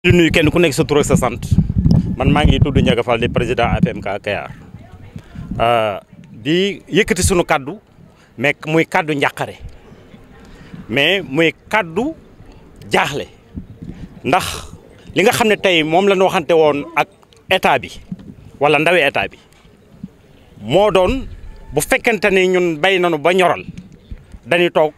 di kenn ku nekk sa tur ak sa sant man maa ngi tudd Ndiaga Fall di président APMK Kayar bi euh, yëkkati sunu kàddu mais muy kàddu njàqare mais muy kaddu jaaxle ndax li nga xam ne tey moom la ñu waxante woon ak état bi wala ndawe état bi moo doon bu fekkente ni ñun bay na nañu ba ñoral dañuy toog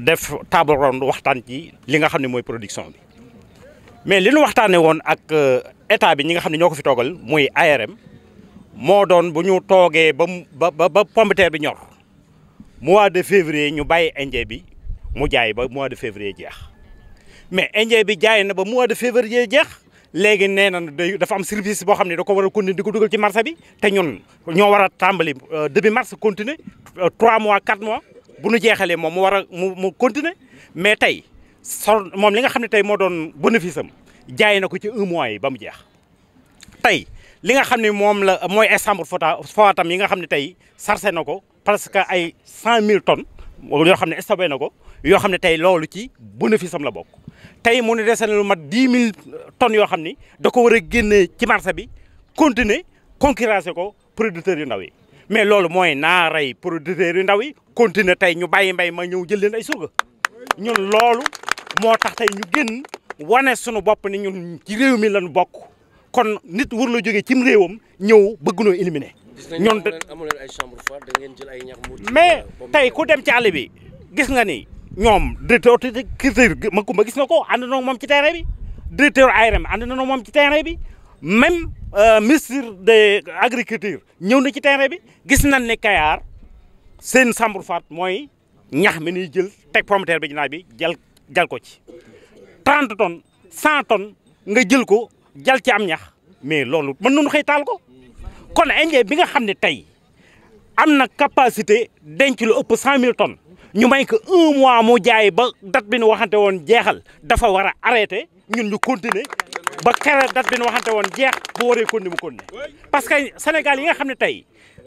def table ronde waxtaan ci li nga xam ne mooy production bi. mais li ñu waxtaanee woon ak euh, état bi ñi nga xam ne ñoo ko fi toogal muy ARM moo doon bu ñu toogee ba mu ba ba pombiteer bi ñor mois de février ñu bàyyi indien bi mu jaay ba mois de février jeex mais indien bi jaay na ba mois de février jeex léegi nee na dafa am service boo xam ne da ko war a continuer di ko dugal ci marché bi te ñun ñoo war a tàmbali euh, début mars continuer 3 euh, mois 4 mois bu nu jeexalee moom mu war a mu mu continuer mais tey. sor moom li nga xam ne tey moo doon bénéfice am jaay na ko ci un mois yi ba mu jeex tey li nga xam ne moom la mooy exemple fota tam yi nga xam ne tey sarse na ko parce que ay cent mille tonnes yoo xam ne stocké na ko yoo xam ne tey loolu ci bénéfice am la bokk tey mu ne dese na lu mat dix mille tonnes yoo xam ni da ko war a génne ci marché bi continuer concurrencer ko producteurs yu ndaw yi mais loolu mooy naa rey producteurs yu ndaw yi continuer tey ñu bàyyi mbay ma ñëw jël leen ay moo tax tey ñu génn wane sunu bopp ni ñun ci réew mi lañu bokk kon nit war la jógee cim réewam ñëw bëgg noo éliminer. ñoom de mais tey ku dem ci àll bi gis nga ni ñoom directeur agriculture ma kumba gis nga ko ànd na moom ci terrain bi directeur ARM ànd na moom ci terrain bi même euh, ministre de agriculture ñëw na ci terrain bi gis nañ ne kayaar seen Sambour Faat mooy ñax mi ñuy jël teg pomme de terre bi ginnaaw bi jël. jal ko ci 30 tonnes 100 tonnes nga jël ko jal ci am ñax mais loolu mën nañu xëy taal ko kon Indien bi nga xam ne tey am na capacité denc lu ëpp 100 000 tonnes ñu may ko un mois mu jaay ba date bi ñu waxante woon jeexal dafa war a arrêté ñun ñu continuer ba xere date bi ñu waxante woon jeex bu waree continuer mu continuer parce que Sénégal yi nga xam ne tey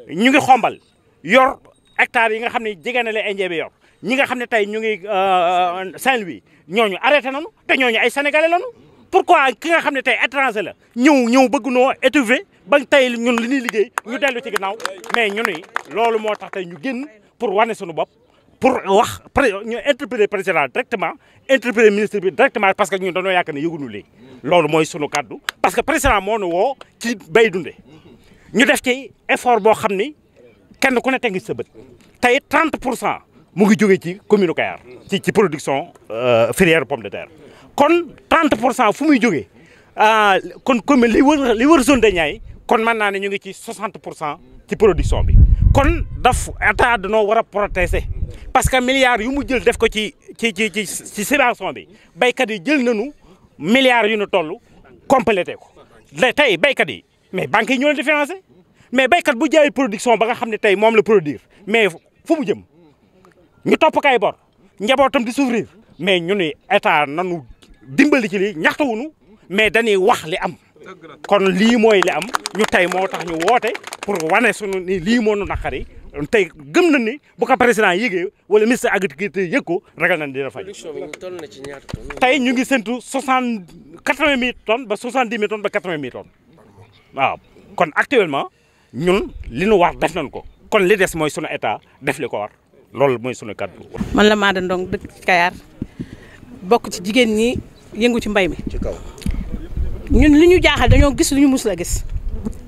ñu ngi xombal yor hectares yi nga xam ne jege na la Indien bi yor. ñi nga xam ne tey ñu ngi euh, euh, Saint-Louis ñooñu arrêté nañu te ñooñu ay sénégalais lañu pourquoi ki nga xam ne tey étranger la ñëw ñëw bëgg noo étuve ba tey ñun li ñuy liggéey ñu dellu ci ginnaaw mais loolu moo tax tey ñu génn pour wane suñu bopp pour wax ñu interpeller président directement interpeller ministre bi directement parce que ñun dañoo yàq ne yëguñu léegi loolu mooy sunu kàddu parce que président moo nu woo ci bay dunde ñu def ci boo xam ni kenn ku ne te ngi sa pour cent mu ngi jóge ci commune Kayar ci ci production euh, filière pomme de terre kon 30 pour cent fu muy jógee ah, kon commune li wër li wër zone de Niayes kon man naa ne ñu ngi ci 60 pour cent ci production bi kon daf état danoo war a protéger parce que milliards yu mu jël def ko ci ci ci ci ci subvention bi béykat yi jël nañu milliards yu nu toll complété ko tey béykat yi mais banques yi ñoo leen di financé mais béykat bu jaay production ba nga xam ne tey moom la produire mais fu mu jëm ñu topp kay bor njabootam di souffrir mais ñu ni état nanu dimbali ci ñaxta ñaxtawuñu mais dañuy wax li am kon lii mooy li am ñu tey moo tax ñu woote pour wane suñu ni lii moo nu naqari tey gëm na ni bu ko président yëgee wala ministre agriculture yëg ko ragal nañ dina fay. tey ñu ngi séntu soixante quatre-vingt mille tonnes ba soixante-dix mille tonnes ba quatre-vingt mille tonnes waaw kon actuellement ñun li nu war def nañ ko kon li des mooy sunu état def li ko war. loolu mooy sunu kàddu. man la Maada Ndong dëkk kayaar bokk ci jigéen ñi yëngu ci mbay mi. ci kaw ñun li ñu jaaxal dañoo gis lu ñu mus a gis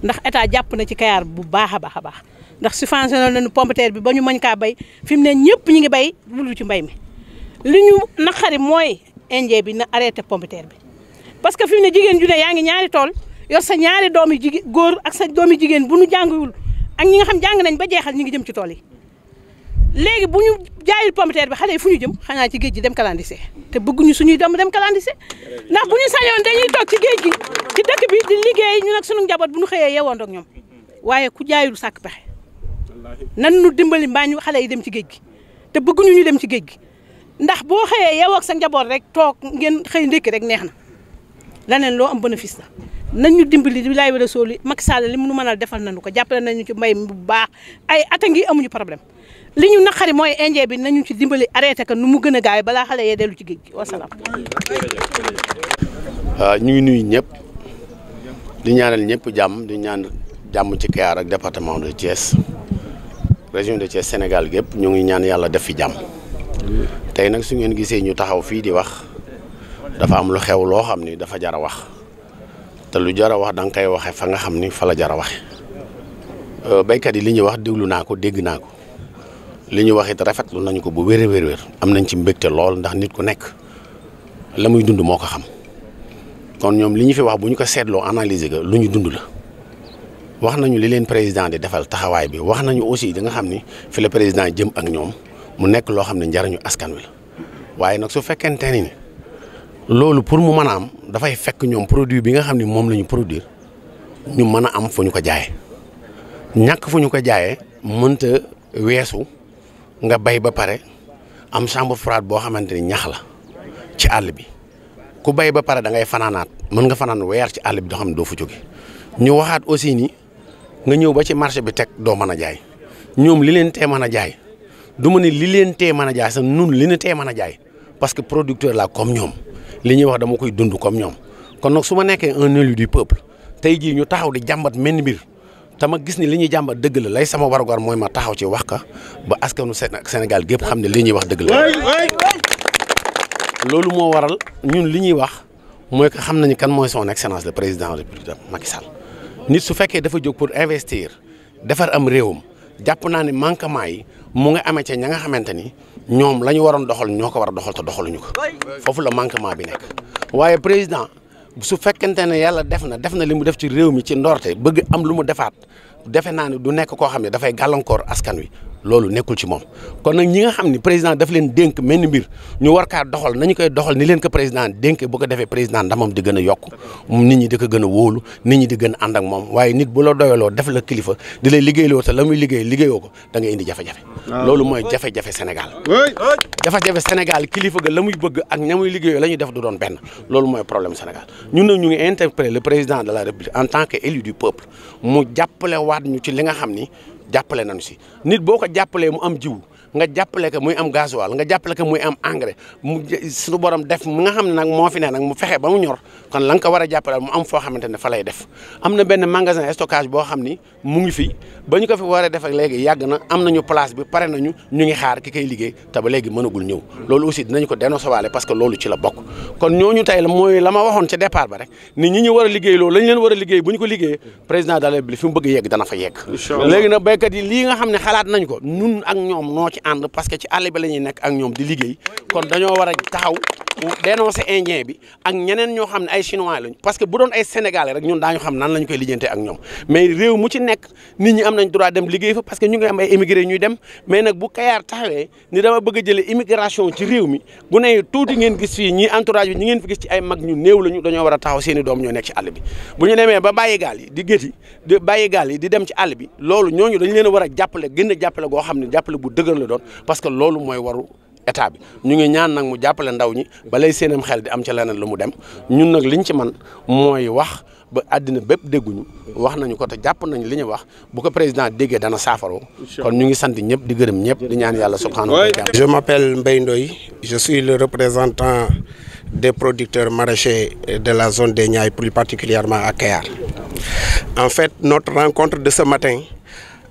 ndax état jàpp na ci kayaar bu baax a baax a baax ndax subventionné nañu noonu de terre bi ba ñu mañ kaa bay fi mu ne ñëpp ñu ngi bay lu ci mbay mi li ñu naqari mooy indien bi na arrêté pomme bi parce que fi ne jigéen ju ne yaa ngi ñaari tool yor sa ñaari doomi jigéen góor ak sa doomi jigéen bu nu jàngiwul ak ñi nga xam jàng nañ ba jeexal ñi ngi jëm ci tool yi. léegi bu ñu jaayul pomme bi xale yi fu ñu jëm xanaa ci géej gi dem kalandise te bëgguñu suñuy doom dem kalandise ndax bu ñu sañoon dañuy toog ci géej gi ci dëkk bi di liggéey ñu nag suñu njaboot bu ñu xëyee yeewoon ak ñoom waaye ku jaayul sàkk pexe nan nu dimbali mbaa ñu xale yi dem ci géej gi te bëgguñu ñu dem ci géej gi ndax boo xëyee yeewoo ak sa njaboot rek toog ngeen xëy ndékki rek neex na laneen loo am bénéfice la nañ ñu dimbali di laay wala sooli Macky Sall li mu nu mënal defal nañu ko jàppale nañu ci mbay bu baax ay ata ngi amuñu problème li ñu naqari mooy indien bi nañu ci dimbali arrêté ko nu mu gën a gaaw balaa xale yee dellu ci géej gi wasalaam. waaw ah, ñu ngi nuyu ñëpp di ñaanal ñëpp jàmm di ñaan jàmm ci kayaar ak département de Thiès région de Thiès Sénégal gépp ñu ngi ñaan yàlla def fi jàmm tey nag su ngeen gisee ñu taxaw fii di wax dafa am lu xew loo xam ni dafa jar a wax te lu jar a wax da nga koy waxee fa nga xam ni fa la jar a waxe euh, baykat yi li ñuy wax déglu naa ko dégg naa ko. li ñu wax it rafetlu nañu ko bu wér wér wér am nañ ci te lool ndax nit ku nekk la muy dund moo ko xam kon ñoom li ñu fi wax bu ñu ko seetloo analyser ko lu ñu dund la wax nañu li leen président di defal taxawaay bi wax nañu aussi da nga xam ni fi la président jëm ak ñoom mu nekk loo xam ne njariñu askan wi la waaye nag su fekkente ni loolu pour mu mën a am dafay fekk ñoom produit bi nga xam ni moom la ñu produire ñu mën a am fu ñu ko jaayee ñàkk fu ñu ko jaayee mënta weesu. nga bay ba pare am chambre froide boo xamante ni ñax la ci àll bi ku bay ba pare da ngay fanaanaat mën nga fanaan weer ci àll bi doo xam ne doo fa jóge ñu waxaat aussi ni nga ñëw ba ci marché bi teg doo mën a jaay ñoom li leen tee mën a jaay du ma ne li leen tee mën a jaay sax nun li ñu tee mën a jaay parce que producteur la comme ñoom li ñuy wax dama koy dund comme ñoom kon nag su ma nekkee un élu du peuple tey jii ñu taxaw di jàmbat menn mbir te ma gis ni li ñuy jàmbat dëgg la lay sama warugar mooy ma taxaw ci wax ka ba askanu Sénégal gépp xam ne li ñuy wax dëgg la loolu moo waral ñun li ñuy wax mooy que xam nañu kan mooy son excellence le président de la Macky Sall nit su fekkee dafa jóg pour investir defar am réewam jàpp naa ne manquement yi mu nga amee ca ña nga xamante ni ñoom la ñu waroon doxal ñoo ko war a doxal te doxaluñu ko foofu la manquement bi nekk waaye président su fekkente ne yàlla def na def na li mu def ci réew mi ci ndorte bëgg am lu mu defaat defe naa ne du nekk koo xam ne dafay gàllankoor askan wi loolu nekkul ci moom kon nag ñi nga xam ni président daf leen dénk mel ni mbir ñu war kaa doxal nañu koy doxal ni leen ko président dénk bu ko defee président ndamam di gën a yokk nit ñi di ko gën a wóolu nit ñi di gën a ànd ak moom waaye nit bu la doyaloo def la kilifa di lay liggéeyloo te la muy liggéey liggéeyoo ko da nga indi loolu mooy jafe-jafe Sénégal jafe kilifa ga la muy bëgg ak ña muy liggéeyoo la ñuy def du doon benn loolu mooy problème Sénégal ñun nag ñu ngi interpellé le président de la République en tant que élu du peuple mu jàppale waat ñu ci li nga xam ni jàppale nañu si nit boo ko jàppalee mu am jiw nga jàppale ko muy am gasoil nga jàppale ko muy am engrais mu borom def mu nga xam ne nag moo fi ne nag mu fexe ba mu ñor kon la nga ko war a jàppale mu am foo xam ne ne fa lay def am na boo xam ni mu ngi fi ba ñu ko fi war na am nañu place bi pare nañu ñu ngi xaar ki koy liggéey te ba léegi mënagul ñëw loolu aussi dinañ ko dénoncewaale parce loolu ci la bokk kon ñooñu tey la mooy la ma waxoon ca départ ba rek ni ñi ñu war a war a liggéey bu ñu ko liggéey président de fi mu bëgg yegg dana fa yegg léegi xam ne xalaat nañ ko ñun ak ñoom noo ci ànd ci àll bi la nekk ak ñoom di liggéey kon dañoo war taxaw dénoncer indien bi ak ñeneen ñoo xam ne ay chinois lañ parce bu doon ay sénégalais rek ñun daañu xam nañ dañoo war taxaw seen doom ñoo nekk ci àll bi bu ñu demee ba bàyyi gaal yi di géti di bàyyi gaal yi di dem ci àll bi loolu ñooñu dañ leen a war jàppale gën jàppale goo xam ne jàppale bu dëgër la doon parce que loolu mooy waru état bi ñu ngi ñaan nag mu jàppale ndaw ñi balay seenam xel di am ci leneen lu mu dem ñun nag liñ ci man mooy wax ba àddina bépp dégguñu wax nañu ko te jàpp nañ li ñu wax bu ko président déggee dana saafaroo kon ñu ngi sant ñëpp di gërëm ñëpp di ñaan yàlla subhanahu wa taala je m'appelle Mbaye Ndoye je suis le représentant des producteurs maraîchers de la zone des Niayes plus particulièrement à Kayar en fait notre rencontre de ce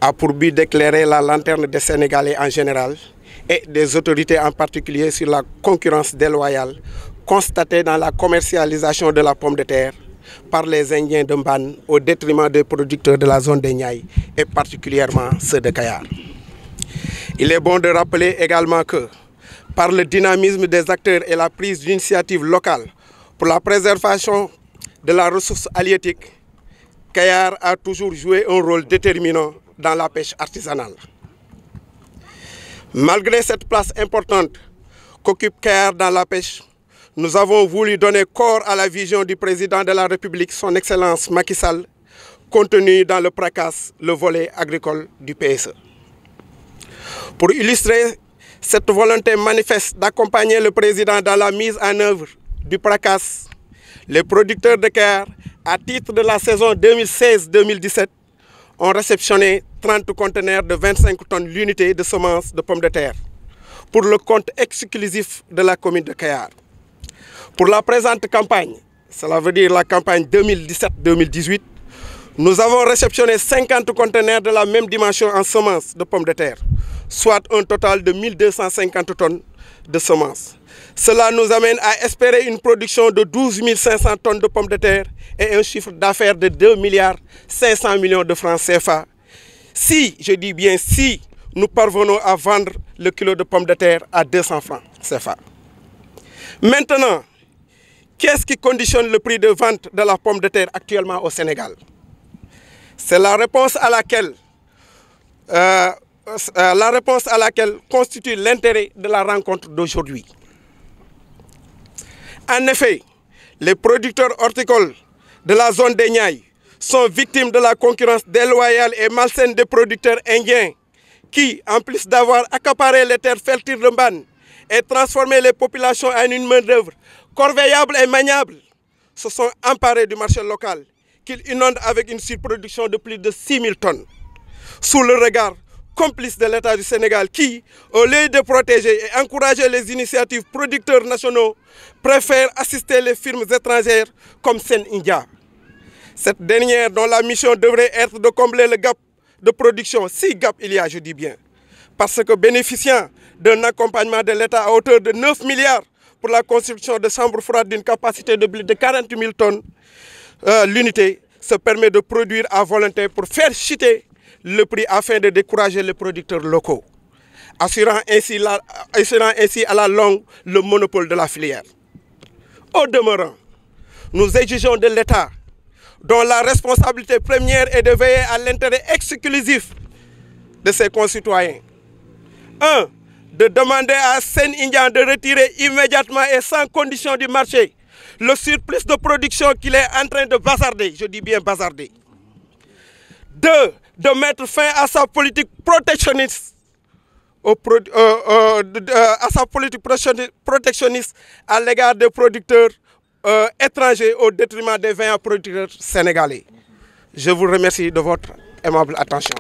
a pour but d'éclairer la lanterne des Sénégalais en général et des autorités en particulier sur la concurrence déloyale constatée dans la commercialisation de la pomme de terre par les Indiens de Mban au détriment des producteurs de la zone des Niayes et particulièrement ceux de Kayar. Il est bon de rappeler également que par le dynamisme des acteurs et la prise d'initiatives locale pour la préservation de la ressource halieutique, Kayar a toujours joué un rôle déterminant dans la pêche artisanale. Malgré cette place importante qu'occupe Caire dans la pêche, nous avons voulu donner corps à la vision du président de la République, son Excellence Sall, contenue dans le PRACAS, le volet agricole du PSE. Pour illustrer cette volonté manifeste d'accompagner le président dans la mise en œuvre du PRACAS, les producteurs de Caire, à titre de la saison 2016-2017, ont réceptionné 30 conteneurs de 25 tonnes l'unité de semences de de terre pour le compte exclusif de la commune de Kayar. Pour la présente campagne, cela veut dire la campagne 2017-2018, Nous avons réceptionné 50 conteneurs de la même dimension en semences de pommes de terre, soit un total de 1250 tonnes de semences. Cela nous amène à espérer une production de 12 500 tonnes de pommes de terre et un chiffre d'affaires de 2 milliards 500 millions de francs CFA. Si, je dis bien si, nous parvenons à vendre le kilo de pommes de terre à 200 francs CFA. Maintenant, qu'est-ce qui conditionne le prix de vente de la pomme de terre actuellement au Sénégal C'est la réponse à laquelle euh, euh, la réponse à laquelle constitue l'intérêt de la rencontre d'aujourd'hui. En effet, les producteurs horticoles de la zone des Niayes sont victimes de la concurrence déloyale et malsaine des producteurs indiens qui, en plus d'avoir accaparé les terres fertiles de Mban et transformé les populations en une main-d'œuvre corvéable et maniable, se sont emparés du marché local qu'il inonde avec une surproduction de plus de 6 000 tonnes. Sous le regard complice de l'État du Sénégal qui, au lieu de protéger et encourager les initiatives producteurs nationaux, préfère assister les firmes étrangères comme Sen India. Cette dernière dont la mission devrait être de combler le gap de production, si gap il y a, je dis bien, parce que bénéficiant d'un accompagnement de l'État à hauteur de 9 milliards pour la construction de chambres froides d'une capacité de plus de 40 000 tonnes, euh, l'unité se permet de produire à volonté pour faire chuter le prix afin de décourager les producteurs locaux, assurant ainsi, la, assurant ainsi à la longue le monopole de la filière. Au demeurant, nous exigeons de l'État, dont la responsabilité première est de veiller à l'intérêt exclusif de ses concitoyens. De demander à Seine-Indian de retirer immédiatement et sans condition du marché le surplus de production qu'il est en train de bazarder, je dis bien bazarder. Deux, de mettre fin à sa politique protectionniste, au pro, euh, euh, euh à sa politique protectionniste à l'égard des producteurs euh, étrangers au détriment des vins producteurs sénégalais. Je vous remercie de votre aimable attention.